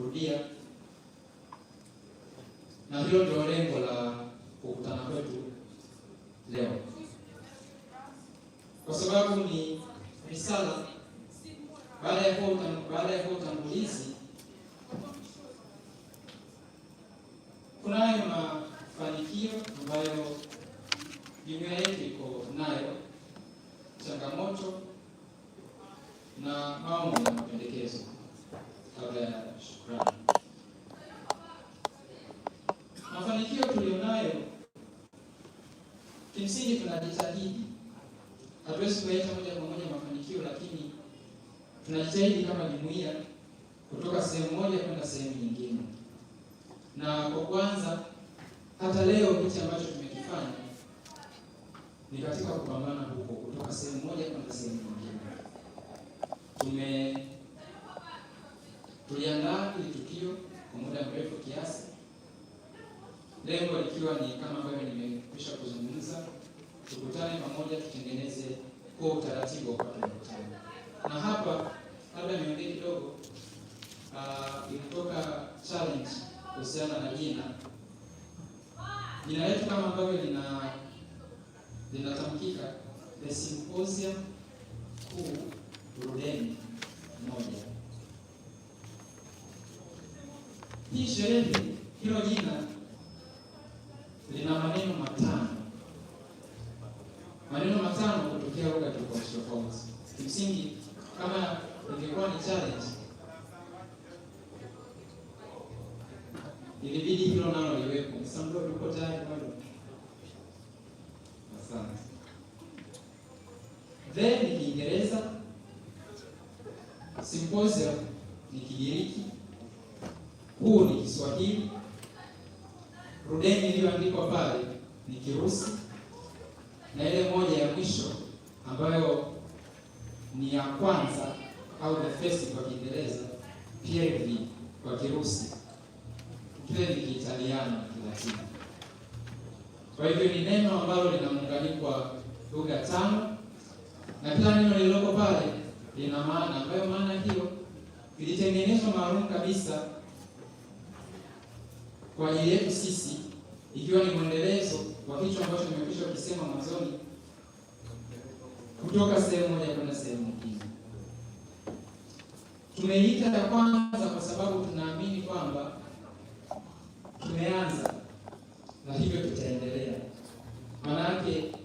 kurudia, na hilo ndio lengo la kukutana kwetu leo, kwa sababu ni risala baada ya kuwa baada ya kuwa utangulizi, kunayo mafanikio ambayo jumuiya yetu iko nayo, changamoto na maombi na mapendekezo kabla ya shukrani. Mafanikio tulionayo kimsingi, tunajitahidi. Hatuwezi kuyaita moja kwa moja mafanikio, lakini tunajitahidi kama jumuiya kutoka sehemu moja kwenda sehemu nyingine, na kwa kwanza, hata leo hichi ambacho tumekifanya ni katika kupambana huko kutoka sehemu moja kwenda sehemu nyingine tume Tuliandaa hili tukio kwa muda mrefu kiasi, lengo likiwa ni kama ambavyo nimekwisha kuzungumza, tukutane pamoja, tutengeneze kwa utaratibu wa kupata mkutano. Na hapa labda niongee kidogo, uh, inatoka challenge kuhusiana na jina. Jina letu kama ambavyo lina linatamkika, The Symposium Kuu Rudeni. Hii sherehe, hilo jina lina maneno matano, maneno matano kutokea lugha tofauti tofauti. Kimsingi, kama ingekuwa ni challenge, ilibidi hilo nalo liwepo. Msamdo, tuko tayari bado? Asante. Then ni Kiingereza, symposium ni Kigiriki huu ni Kiswahili, rudeni iliyoandikwa pale ni Kirusi, na ile moja ya mwisho ambayo ni ya kwanza au the first kwa Kiingereza, PLV kwa Kirusi, kile ni Kiitaliano Kilatini. Kwa hivyo ni neno ambalo lina muunganiko wa lugha tano na kila neno lililoko pale lina maana ambayo maana hiyo ilitengenezwa maalum kabisa kwa ajili yetu sisi, ikiwa ni mwendelezo wa hicho ambacho nimekwisha kusema mwanzoni, kutoka sehemu moja kwenda sehemu nyingine. Tumeita ya kwanza kwa sababu tunaamini kwamba tumeanza na hivyo tutaendelea, yake